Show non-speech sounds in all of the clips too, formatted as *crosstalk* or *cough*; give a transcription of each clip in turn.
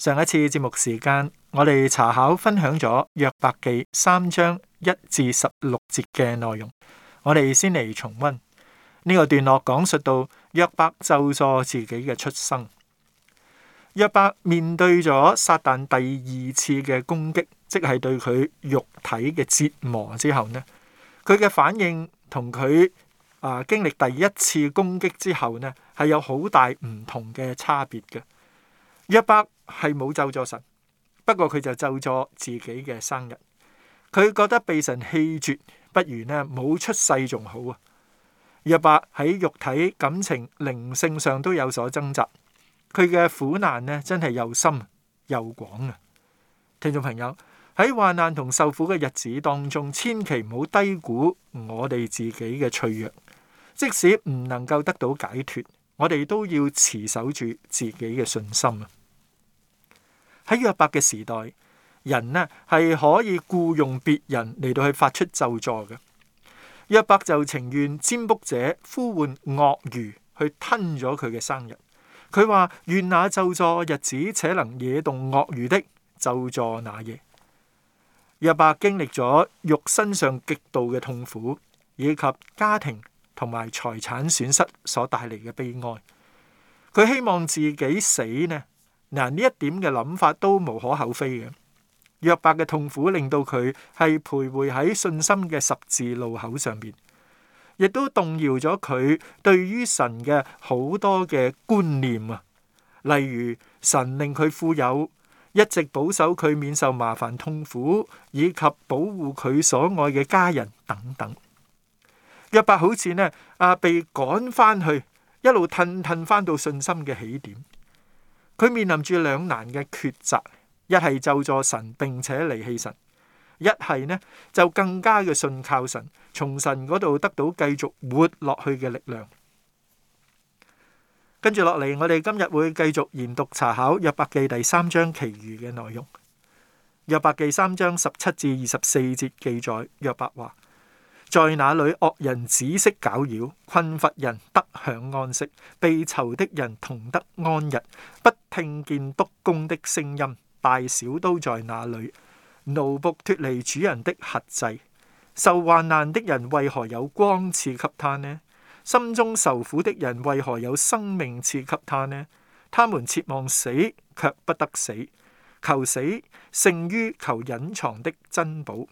上一次節目時間，我哋查考分享咗約伯記三章一至十六節嘅內容。我哋先嚟重溫呢、這個段落，講述到約伯咒詛自己嘅出生。約伯面對咗撒旦第二次嘅攻擊，即係對佢肉體嘅折磨之後呢，佢嘅反應同佢啊經歷第一次攻擊之後呢，係有好大唔同嘅差別嘅。約伯係冇咒咗神，不過佢就咒咗自己嘅生日。佢覺得被神棄絕，不如呢冇出世仲好啊！約伯喺肉體、感情、靈性上都有所掙扎，佢嘅苦難呢真係又深又廣啊！聽眾朋友喺患難同受苦嘅日子當中，千祈唔好低估我哋自己嘅脆弱。即使唔能夠得到解脫，我哋都要持守住自己嘅信心啊！喺約伯嘅時代，人呢係可以僱用別人嚟到去發出咒詛嘅。約伯就情願占卜者呼喚鱷魚去吞咗佢嘅生日。佢話，願那咒詛日子且能惹動鱷魚的咒詛那夜。約伯經歷咗肉身上極度嘅痛苦，以及家庭同埋財產損失所帶嚟嘅悲哀。佢希望自己死呢？嗱，呢一點嘅諗法都無可厚非嘅。約伯嘅痛苦令到佢係徘徊喺信心嘅十字路口上邊，亦都動搖咗佢對於神嘅好多嘅觀念啊，例如神令佢富有，一直保守佢免受麻煩痛苦，以及保護佢所愛嘅家人等等。約伯好似呢啊，被趕翻去，一路褪褪翻到信心嘅起點。佢面臨住兩難嘅抉擇，一係咒詛神並且離棄神，一係呢就更加嘅信靠神，從神嗰度得到繼續活落去嘅力量。跟住落嚟，我哋今日會繼續研讀查考約伯記第三章其餘嘅內容。約伯記三章十七至二十四節記載約伯話。在那裏，惡人止息攪擾，困乏人得享安息，被囚的人同得安逸，不聽見督工的聲音，大小都在那裏，奴僕脫離主人的轄制，受患難的人為何有光賜給他呢？心中愁苦的人為何有生命賜給他呢？他們切望死卻不得死，求死勝於求隱藏的珍寶。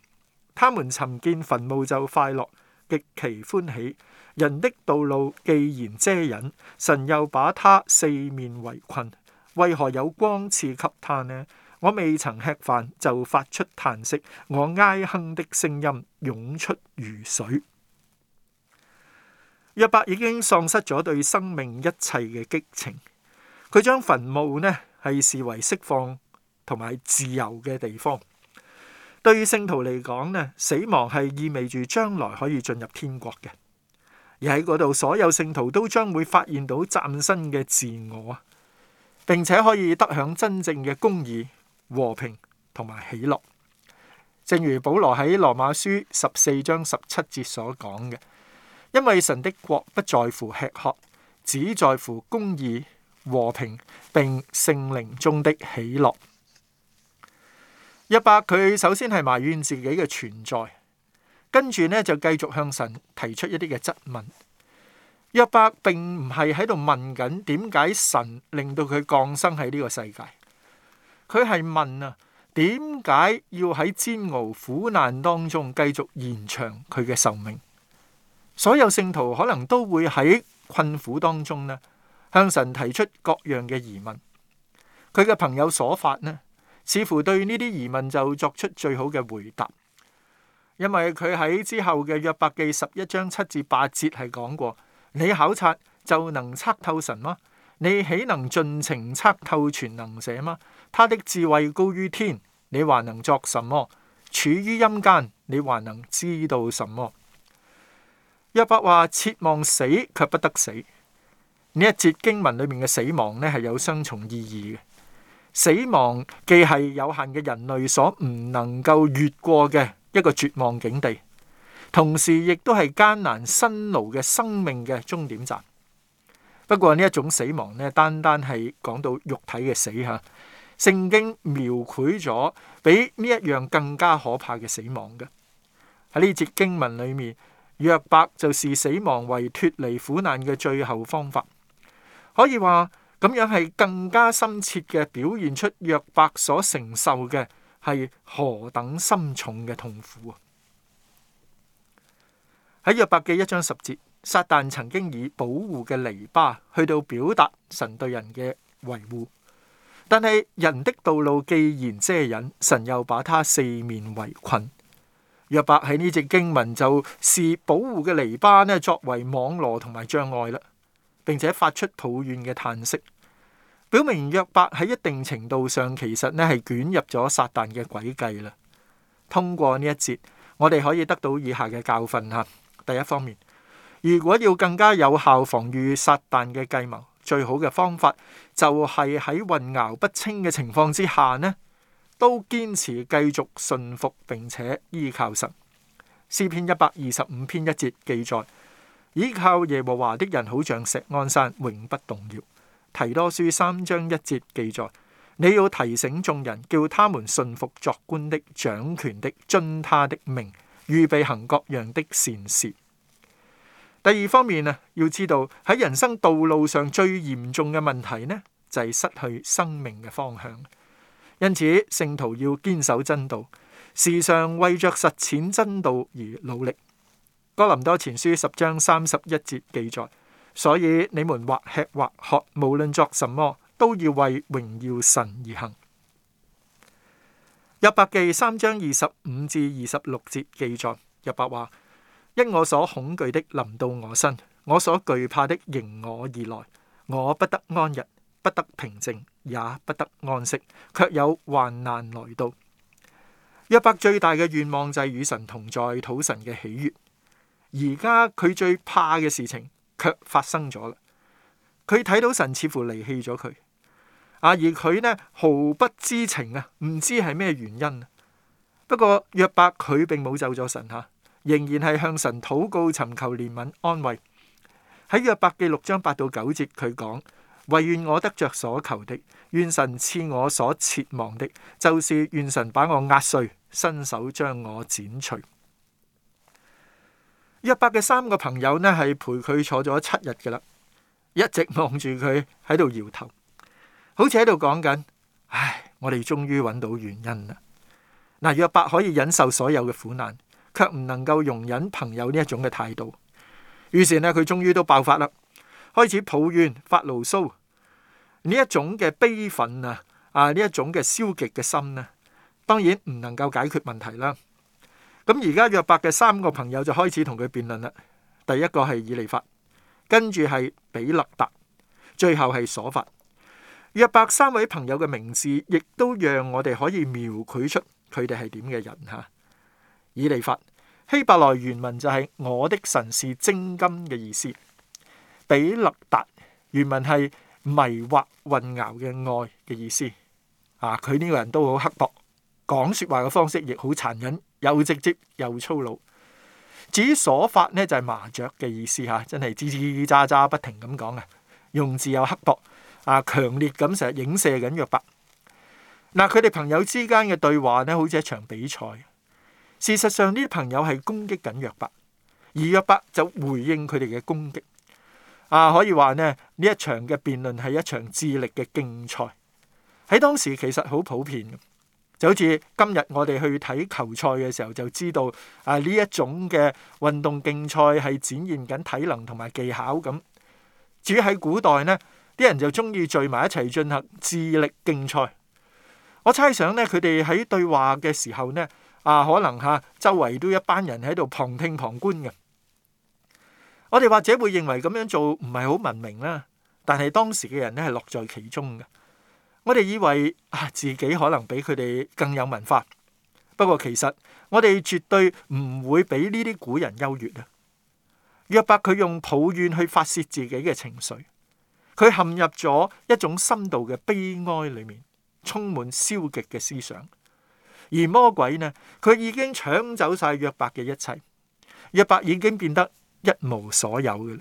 他們尋見墳墓就快樂，極其歡喜。人的道路既然遮隱，神又把他四面圍困，為何有光賜給他呢？我未曾吃飯就發出嘆息，我哀哼的聲音湧出如水。約伯已經喪失咗對生命一切嘅激情，佢將墳墓呢係視為釋放同埋自由嘅地方。對於聖徒嚟講咧，死亡係意味住將來可以進入天國嘅，而喺嗰度所有聖徒都將會發現到嶄新嘅自我，並且可以得享真正嘅公義、和平同埋喜樂。正如保羅喺羅馬書十四章十七節所講嘅，因為神的國不在乎吃喝，只在乎公義、和平並聖靈中的喜樂。約伯佢首先係埋怨自己嘅存在，跟住咧就繼續向神提出一啲嘅質問。約伯並唔係喺度問緊點解神令到佢降生喺呢個世界，佢係問啊點解要喺煎熬苦難當中繼續延長佢嘅壽命？所有聖徒可能都會喺困苦當中呢，向神提出各樣嘅疑問。佢嘅朋友所發呢？似乎對呢啲疑問就作出最好嘅回答，因為佢喺之後嘅約伯記十一章七至八節係講過： *noise* 你考察就能測透神嗎？你豈能盡情測透全能者嗎？他的智慧高於天，你還能作什麼？處於陰間，你還能知道什麼？約伯話：切望死卻不得死。呢一節經文裏面嘅死亡呢，係有雙重意義嘅。死亡既係有限嘅人類所唔能夠越過嘅一個絕望境地，同時亦都係艱難辛勞嘅生命嘅終點站。不過呢一種死亡咧，單單係講到肉體嘅死吓，聖經描繪咗比呢一樣更加可怕嘅死亡嘅。喺呢節經文裏面，約伯就視死亡為脫離苦難嘅最後方法，可以話。咁樣係更加深切嘅表現出約伯所承受嘅，係何等深重嘅痛苦啊！喺約伯嘅一章十節，撒旦曾經以保護嘅籬笆去到表達神對人嘅維護，但係人的道路既然遮隱，神又把他四面圍困。約伯喺呢隻經文就視保護嘅籬笆咧作為網羅同埋障礙啦。並且發出抱怨嘅嘆息，表明約伯喺一定程度上其實咧係捲入咗撒旦嘅詭計啦。通過呢一節，我哋可以得到以下嘅教訓吓。第一方面，如果要更加有效防禦撒旦嘅計謀，最好嘅方法就係喺混淆不清嘅情況之下呢，都堅持繼續順服並且依靠神。詩篇一百二十五篇一節記載。依靠耶和華的人，好像錫安山，永不動搖。提多書三章一節記載：你要提醒眾人，叫他們順服作官的掌權的，遵他的命，預備行各樣的善事。第二方面啊，要知道喺人生道路上最嚴重嘅問題呢，就係、是、失去生命嘅方向。因此，聖徒要堅守真道，時常為着實踐真道而努力。哥林多前書十章三十一節記載，所以你們或吃或喝，無論作什麼，都要為榮耀神而行。約伯記三章二十五至二十六節記載，約伯話：因我所恐懼的臨到我身，我所懼怕的迎我而來，我不得安逸，不得平靜，也不得安息，却有患難來到。約伯最大嘅願望就係與神同在，討神嘅喜悅。而家佢最怕嘅事情卻發生咗啦！佢睇到神似乎離棄咗佢啊，而佢呢毫不知情啊，唔知係咩原因。不過約伯佢並冇走咗神吓，仍然係向神禱告尋求憐憫安慰。喺約伯記六章八到九節，佢講：唯願我得着所求的，願神賜我所切望的，就是願神把我壓碎，伸手將我剪除。約伯嘅三個朋友呢，係陪佢坐咗七日嘅啦，一直望住佢喺度搖頭，好似喺度講緊：唉，我哋終於揾到原因啦！嗱，約伯可以忍受所有嘅苦難，卻唔能夠容忍朋友呢一種嘅態度。於是呢，佢終於都爆發啦，開始抱怨、發牢騷。呢一種嘅悲憤啊，啊呢一種嘅消極嘅心呢，當然唔能夠解決問題啦。咁而家約伯嘅三個朋友就開始同佢辯論啦。第一個係以利法，跟住係比勒達，最後係所法。約伯三位朋友嘅名字，亦都讓我哋可以描繪出佢哋係點嘅人吓。以利法希伯來原文就係我的神是精金嘅意思。比勒達原文係迷惑混淆嘅愛嘅意思。啊，佢呢個人都好刻薄，講說話嘅方式亦好殘忍。又直接又粗魯，至於所發呢，就係麻雀嘅意思吓，真係嘰嘰喳喳不停咁講嘅，用字又刻薄啊，強烈咁成日影射緊約伯。嗱、啊，佢哋朋友之間嘅對話呢，好似一場比賽。事實上，呢啲朋友係攻擊緊約伯，而約伯就回應佢哋嘅攻擊。啊，可以話呢，呢一場嘅辯論係一場智力嘅競賽，喺當時其實好普遍。就好似今日我哋去睇球賽嘅時候，就知道啊呢一種嘅運動競賽係展現緊體能同埋技巧咁。至於喺古代呢，啲人就中意聚埋一齊進行智力競賽。我猜想呢，佢哋喺對話嘅時候呢，啊可能吓、啊、周圍都有一班人喺度旁聽旁觀嘅。我哋或者會認為咁樣做唔係好文明啦，但係當時嘅人呢，係樂在其中嘅。我哋以為啊，自己可能比佢哋更有文化。不過其實我哋絕對唔會比呢啲古人優越啊！約伯佢用抱怨去發洩自己嘅情緒，佢陷入咗一種深度嘅悲哀裏面，充滿消極嘅思想。而魔鬼呢，佢已經搶走晒約伯嘅一切，約伯已經變得一無所有嘅。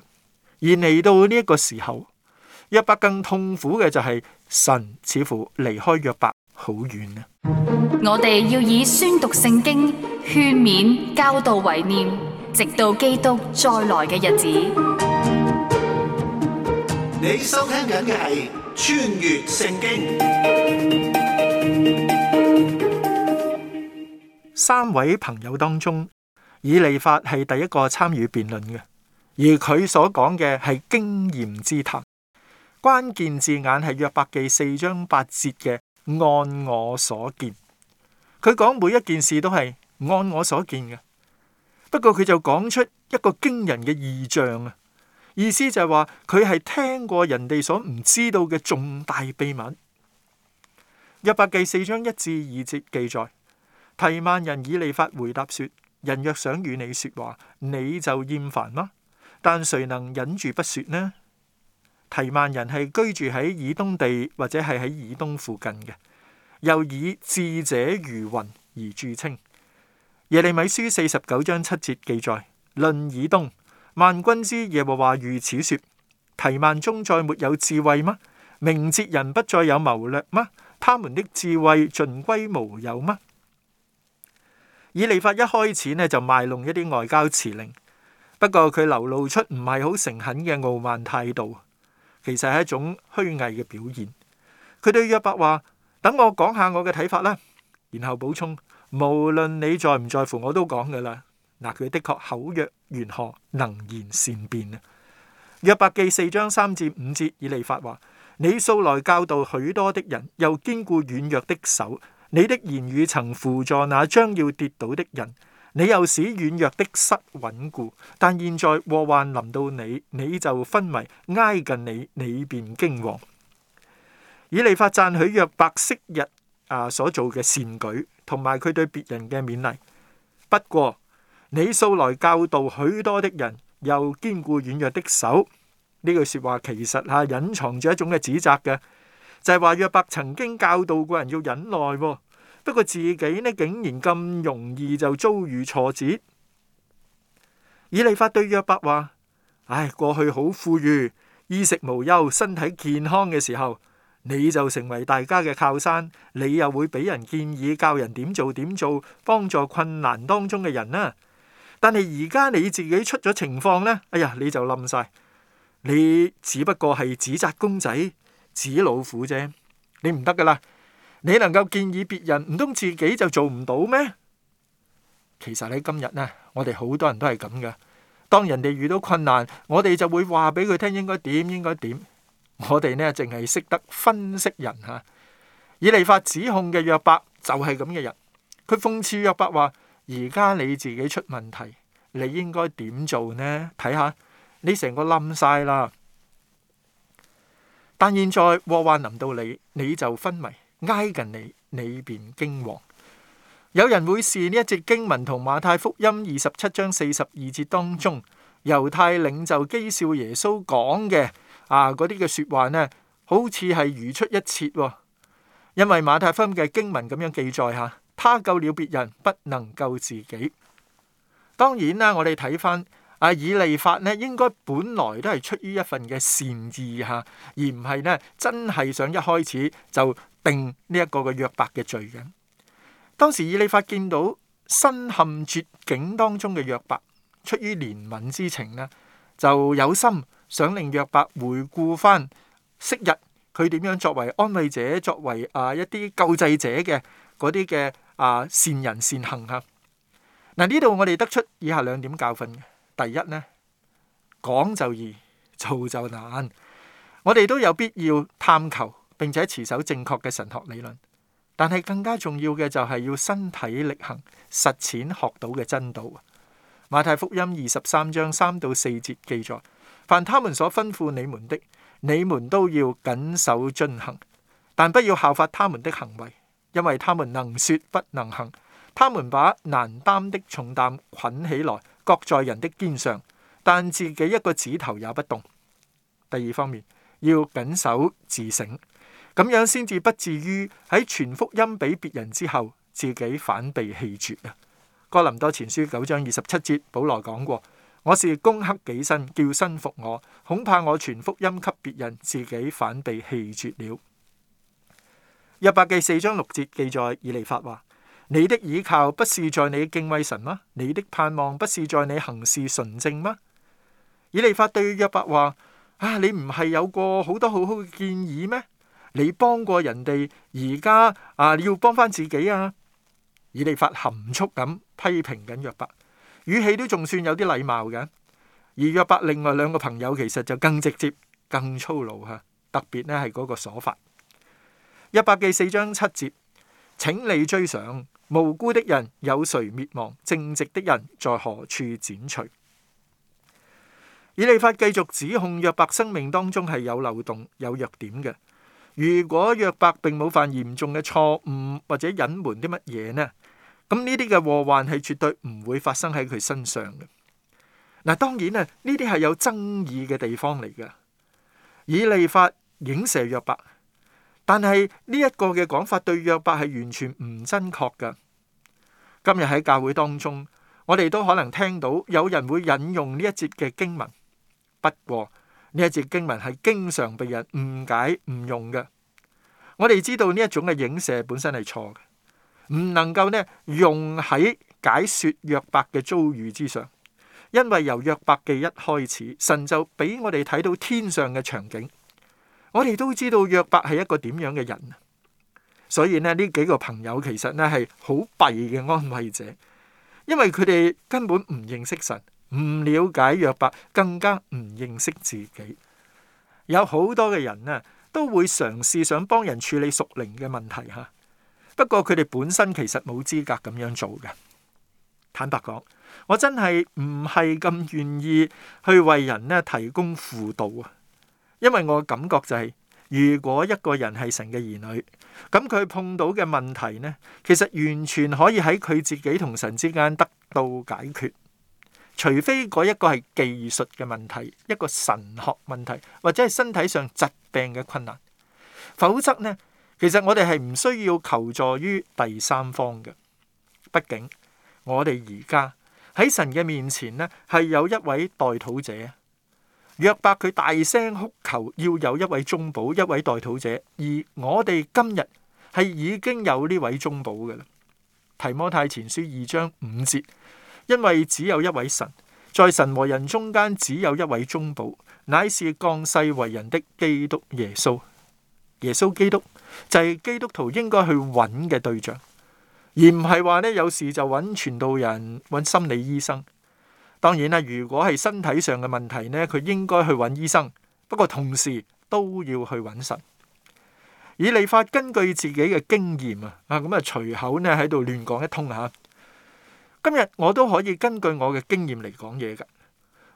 而嚟到呢個時候。一筆更痛苦嘅就係神似乎離開約伯好遠啊。我哋要以宣讀聖經、勸勉、教導、為念，直到基督再來嘅日子。你收聽緊嘅係穿越聖經。三位朋友當中，以利法係第一個參與辯論嘅，而佢所講嘅係經驗之談。關鍵字眼係約伯記四章八節嘅，按我所見，佢講每一件事都係按我所見嘅。不過佢就講出一個驚人嘅異象啊！意思就係話佢係聽過人哋所唔知道嘅重大秘密。約伯記四章一至二節記載，提曼人以利法回答說：人若想與你說話，你就厭煩嗎？但誰能忍住不說呢？提曼人係居住喺以東地，或者係喺以東附近嘅，又以智者如雲而著稱。耶利米書四十九章七節記載論以東，萬軍之耶和華如此說，提曼中再沒有智慧嗎？明哲人不再有謀略嗎？他們的智慧盡歸無有嗎？以利法一開始呢，就賣弄一啲外交辭令，不過佢流露出唔係好誠懇嘅傲慢態度。其實係一種虛偽嘅表現。佢對約伯話：等我講下我嘅睇法啦，然後補充，無論你在唔在乎我，我都講噶啦。嗱，佢的確口若懸河，能言善辯啊。約伯記四章三至五節以利法話：你素來教導許多的人，又堅固軟弱的手，你的言語曾扶助那將要跌倒的人。你又使軟弱的膝穩固，但現在禍患臨到你，你就昏迷，挨近你，你便驚惶。以利法讚許約伯昔日啊所做嘅善舉，同埋佢對別人嘅勉勵。不過，你素來教導許多的人，又堅固軟弱的手。呢句說話，其實係隱藏住一種嘅指責嘅，就係話約伯曾經教導過人要忍耐。不過自己呢，竟然咁容易就遭遇挫折。以利法對約伯話：唉、哎，過去好富裕，衣食無憂，身體健康嘅時候，你就成為大家嘅靠山，你又會俾人建議，教人點做點做，幫助困難當中嘅人啦、啊。但係而家你自己出咗情況呢，哎呀，你就冧晒，你只不過係指責公仔、指老虎啫，你唔得噶啦。你能夠建議別人，唔通自己就做唔到咩？其實喺今日呢，我哋好多人都係咁㗎。當人哋遇到困難，我哋就會話俾佢聽應該點應該點。我哋呢淨係識得分析人吓。以利法指控嘅約伯就係咁嘅人。佢諷刺約伯話：而家你自己出問題，你應該點做呢？睇下你成個冧曬啦。但現在禍患臨到你，你就昏迷。.挨近你，你便驚惶。有人會視呢一節經文同馬太福音二十七章四十二節當中，猶太領袖譏笑耶穌講嘅啊嗰啲嘅說話呢，好似係如出一轍喎。因為馬太福音嘅經文咁樣記載下，啊「他救了別人，不能救自己」。當然啦，我哋睇翻。啊！以利法咧，應該本來都係出於一份嘅善意嚇，而唔係咧真係想一開始就定呢一個嘅約伯嘅罪嘅。當時以利法見到身陷絕境當中嘅約伯，出於憐憫之情咧，就有心想令約伯回顧返昔日佢點樣作為安慰者、作為啊一啲救濟者嘅嗰啲嘅啊善人善行嚇。嗱呢度我哋得出以下兩點教訓嘅。第一呢，講就易，做就難。我哋都有必要探求並且持守正確嘅神學理論，但係更加重要嘅就係要身體力行實踐學到嘅真道。馬太福音二十三章三到四節記載：凡他們所吩咐你們的，你們都要謹守遵行，但不要效法他們的行為，因為他們能說不能行，他們把難擔的重擔捆起來。擱在人的肩上，但自己一個指頭也不動。第二方面，要謹守自省，咁樣先至不至於喺傳福音俾別人之後，自己反被棄絕啊！哥林多前書九章二十七節，保羅講過：我是攻克己身，叫身服我，恐怕我傳福音給別人，自己反被棄絕了。約伯記四章六節記載，以利法話。你的倚靠不是在你敬畏神嗎？你的盼望不是在你行事純正嗎？以利法對約伯話：啊，你唔係有過好多好好嘅建議咩？你幫過人哋，而家啊你要幫翻自己啊！以利法含蓄咁批評緊約伯，語氣都仲算有啲禮貌嘅。而約伯另外兩個朋友其實就更直接、更粗魯吓，特別呢係嗰個所發約伯記四章七節，請你追想。無辜的人有誰滅亡？正直的人在何處剪除？以利法繼續指控約伯生命當中係有漏洞、有弱點嘅。如果約伯並冇犯嚴重嘅錯誤或者隱瞞啲乜嘢呢？咁呢啲嘅禍患係絕對唔會發生喺佢身上嘅。嗱，當然啊，呢啲係有爭議嘅地方嚟㗎。以利法影射約伯。但係呢一個嘅講法對約伯係完全唔真確嘅。今日喺教會當中，我哋都可能聽到有人會引用呢一節嘅經文，不過呢一節經文係經常被人誤解誤用嘅。我哋知道呢一種嘅影射本身係錯嘅，唔能夠咧用喺解說約伯嘅遭遇之上，因為由約伯記一開始，神就俾我哋睇到天上嘅場景。我哋都知道約伯係一個點樣嘅人，所以咧呢幾個朋友其實咧係好弊嘅安慰者，因為佢哋根本唔認識神，唔了解約伯，更加唔認識自己。有好多嘅人啊，都會嘗試想幫人處理屬靈嘅問題吓，不過佢哋本身其實冇資格咁樣做嘅。坦白講，我真係唔係咁願意去為人咧提供輔導啊。因為我感覺就係，如果一個人係神嘅兒女，咁佢碰到嘅問題呢，其實完全可以喺佢自己同神之間得到解決。除非嗰一個係技術嘅問題，一個神學問題，或者係身體上疾病嘅困難，否則呢，其實我哋係唔需要求助於第三方嘅。畢竟我哋而家喺神嘅面前呢，係有一位代禱者。約伯佢大聲哭求，要有一位中保、一位代禱者，而我哋今日係已經有呢位中保嘅啦。提摩太前書二章五節，因為只有一位神，在神和人中間只有一位中保，乃是降世為人的基督耶穌。耶穌基督就係基督徒應該去揾嘅對象，而唔係話呢，有事就揾傳道人、揾心理醫生。當然啦，如果係身體上嘅問題呢，佢應該去揾醫生。不過同時都要去揾神。以利法根據自己嘅經驗啊，啊咁啊隨口呢喺度亂講一通吓。今日我都可以根據我嘅經驗嚟講嘢㗎，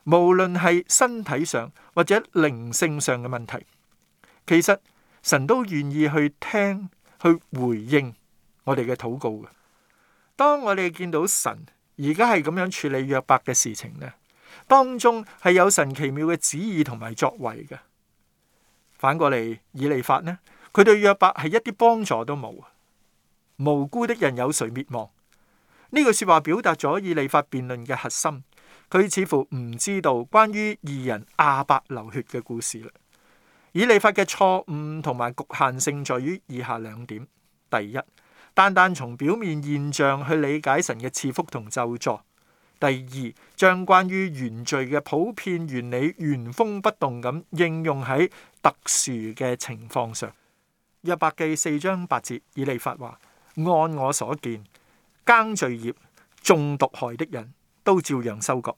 無論係身體上或者靈性上嘅問題，其實神都願意去聽去回應我哋嘅禱告嘅。當我哋見到神而家係咁樣處理約伯嘅事情咧，當中係有神奇妙嘅旨意同埋作為嘅。反過嚟以利法呢，佢對約伯係一啲幫助都冇。無辜的人有誰滅亡？呢句說話表達咗以利法辯論嘅核心。佢似乎唔知道關於二人亞伯流血嘅故事。以利法嘅錯誤同埋局限性在於以下兩點：第一。單單從表面現象去理解神嘅賜福同救助。第二，將關於原罪嘅普遍原理原封不動咁應用喺特殊嘅情況上。約伯記四章八節，以利法話：「按我所見，耕罪孽、種毒害的人都照樣收割。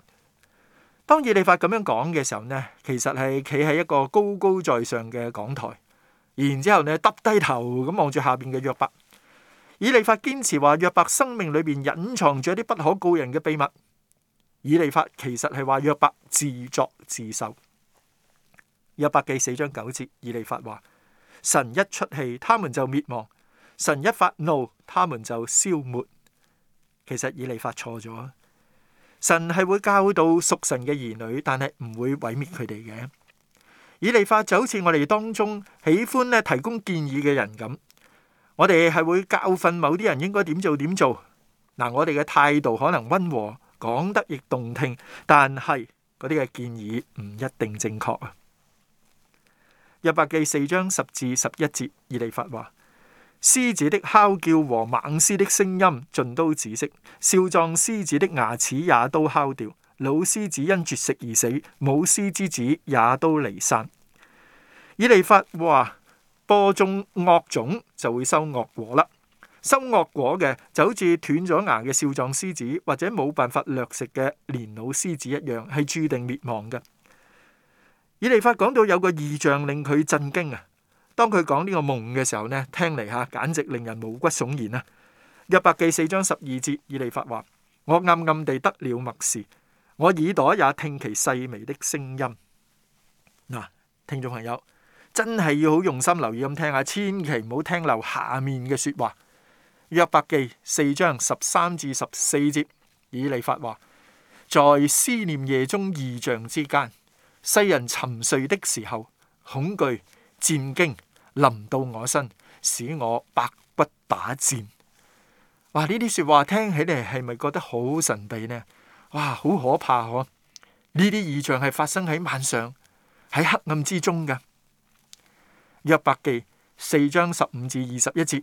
當以利法咁樣講嘅時候呢，其實係企喺一個高高在上嘅講台，然之後呢耷低頭咁望住下邊嘅約伯。以利法堅持話約伯生命裏邊隱藏咗啲不可告人嘅秘密。以利法其實係話約伯自作自受。約伯記四章九節，以利法話：神一出氣，他們就滅亡；神一發怒，他們就消滅。其實以利法錯咗，神係會教導屬神嘅兒女，但係唔會毀滅佢哋嘅。以利法就好似我哋當中喜歡咧提供建議嘅人咁。我哋係會教訓某啲人應該點做點做，嗱我哋嘅態度可能温和，講得亦動聽，但係嗰啲嘅建議唔一定正確啊。約伯記四章十至十一節，以利法話：獅子的吼叫和猛獅的聲音盡都止息，少壯獅子的牙齒也都敲掉，老獅子因絕食而死，母獅之子也都離散。以利法話。播種惡種就會收惡果啦，收惡果嘅就好似斷咗牙嘅少壯獅子，或者冇辦法掠食嘅年老獅子一樣，係注定滅亡嘅。以利法講到有個異象令佢震驚啊！當佢講呢個夢嘅時候呢，聽嚟吓簡直令人毛骨悚然啊！約伯記四章十二節，以利法話：我暗暗地得了默示，我耳朵也聽其細微的聲音。嗱，聽眾朋友。真係要好用心留意咁聽下，千祈唔好聽漏下面嘅說話。約伯記四章十三至十四節，以利法話：在思念夜中異象之間，世人沉睡的時候，恐懼戰驚臨到我身，使我百骨打戰。哇！呢啲說話聽起嚟係咪覺得好神秘呢？哇，好可怕呵！呢啲異象係發生喺晚上，喺黑暗之中噶。約伯記四章十五至二十一節，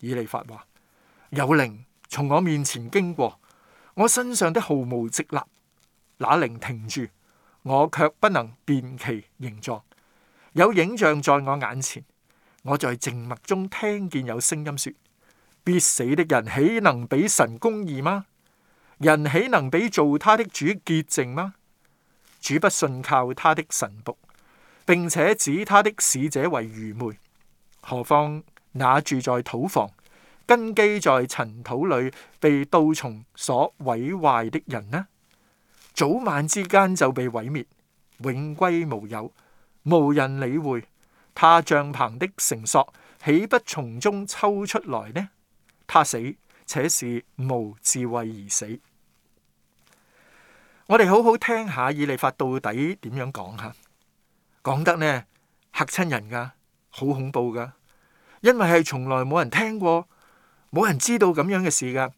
以利法話：有靈從我面前經過，我身上的毫毛直立。那靈停住，我卻不能辨其形狀。有影像在我眼前，我在靜默中聽見有聲音說：必死的人豈能比神公義嗎？人豈能比做他的主潔淨嗎？主不信靠他的神僕。並且指他的使者為愚昧，何況那住在土房、根基在塵土裏、被蠹蟲所毀壞的人呢？早晚之間就被毀滅，永歸無有，無人理會。他帳棚的繩索豈不從中抽出來呢？他死且是無智慧而死。我哋好好聽下以利法到底點樣講吓。講得呢，嚇親人噶，好恐怖噶，因為係從來冇人聽過，冇人知道咁樣嘅事噶。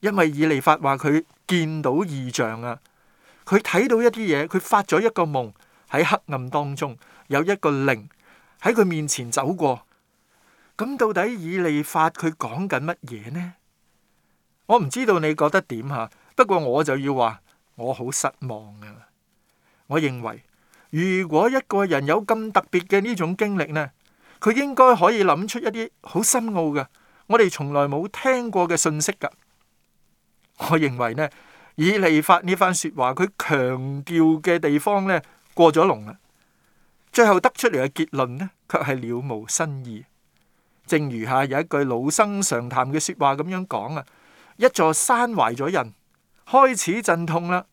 因為以利法話佢見到異象啊，佢睇到一啲嘢，佢發咗一個夢喺黑暗當中，有一個靈喺佢面前走過。咁到底以利法佢講緊乜嘢呢？我唔知道你覺得點吓，不過我就要話我好失望啊！我認為。如果一個人有咁特別嘅呢種經歷呢，佢應該可以諗出一啲好深奧嘅，我哋從來冇聽過嘅信息㗎。我認為呢，以利法呢番説話，佢強調嘅地方呢，過咗龍啦，最後得出嚟嘅結論呢，卻係了無新意。正如下有一句老生常談嘅説話咁樣講啊：一座山懷咗人，開始陣痛啦，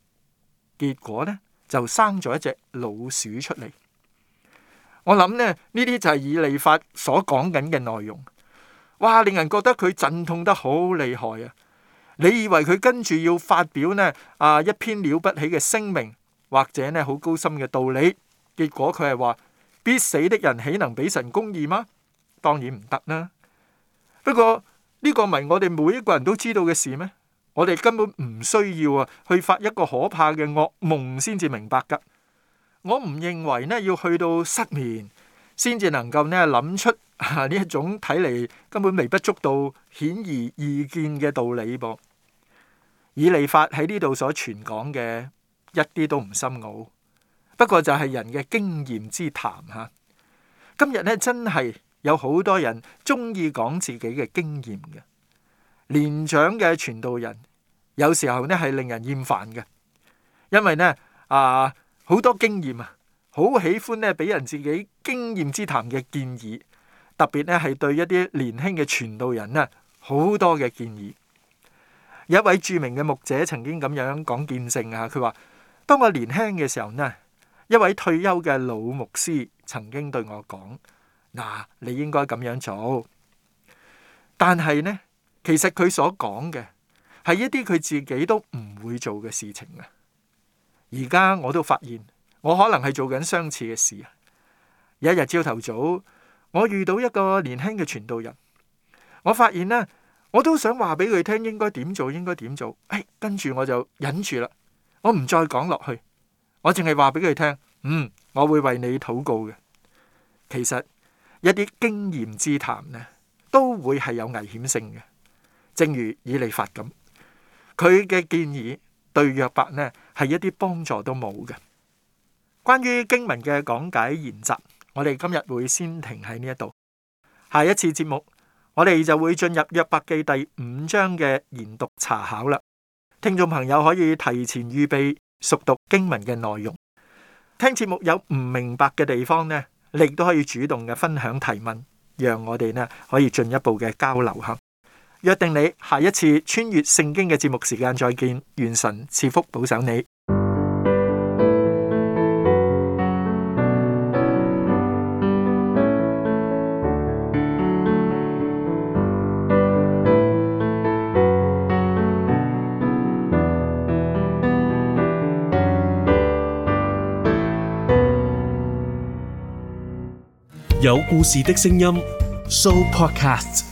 結果呢，就生咗一隻老鼠出嚟。我諗咧呢啲就係以利法所講緊嘅內容。哇，令人覺得佢陣痛得好厲害啊！你以為佢跟住要發表咧啊一篇了不起嘅聲明，或者咧好高深嘅道理？結果佢係話：必死的人豈能俾神公義嗎？當然唔得啦。不過呢個唔係我哋每一個人都知道嘅事咩？我哋根本唔需要啊，去發一個可怕嘅惡夢先至明白噶。我唔認為咧要去到失眠先至能夠咧諗出呢一種睇嚟根本微不足道、顯而易見嘅道理噃。以利法喺呢度所傳講嘅一啲都唔深奧，不過就係人嘅經驗之談嚇。今日咧真係有好多人中意講自己嘅經驗嘅。年長嘅傳道人有時候咧係令人厭煩嘅，因為咧啊好多經驗啊，好喜歡咧俾人自己經驗之談嘅建議，特別咧係對一啲年輕嘅傳道人咧好多嘅建議。有一位著名嘅牧者曾經咁樣講見證啊，佢話：當我年輕嘅時候呢，一位退休嘅老牧師曾經對我講：嗱，啊，你應該咁樣做，但係呢……」其實佢所講嘅係一啲佢自己都唔會做嘅事情啊。而家我都發現，我可能係做緊相似嘅事啊。有一日朝頭早，我遇到一個年輕嘅傳道人，我發現咧，我都想話俾佢聽應該點做，應該點做。哎，跟住我就忍住啦，我唔再講落去，我淨係話俾佢聽。嗯，我會為你禱告嘅。其實一啲經驗之談咧，都會係有危險性嘅。正如以利法咁，佢嘅建議對約伯呢係一啲幫助都冇嘅。關於經文嘅講解研習，我哋今日會先停喺呢一度。下一次節目，我哋就會進入約伯記第五章嘅研讀查考啦。聽眾朋友可以提前預備熟讀經文嘅內容。聽節目有唔明白嘅地方呢，你亦都可以主動嘅分享提問，讓我哋呢可以進一步嘅交流下。約定你下一次穿越聖經嘅節目時間再見，願神賜福保守你。有故事的聲音，Show Podcast。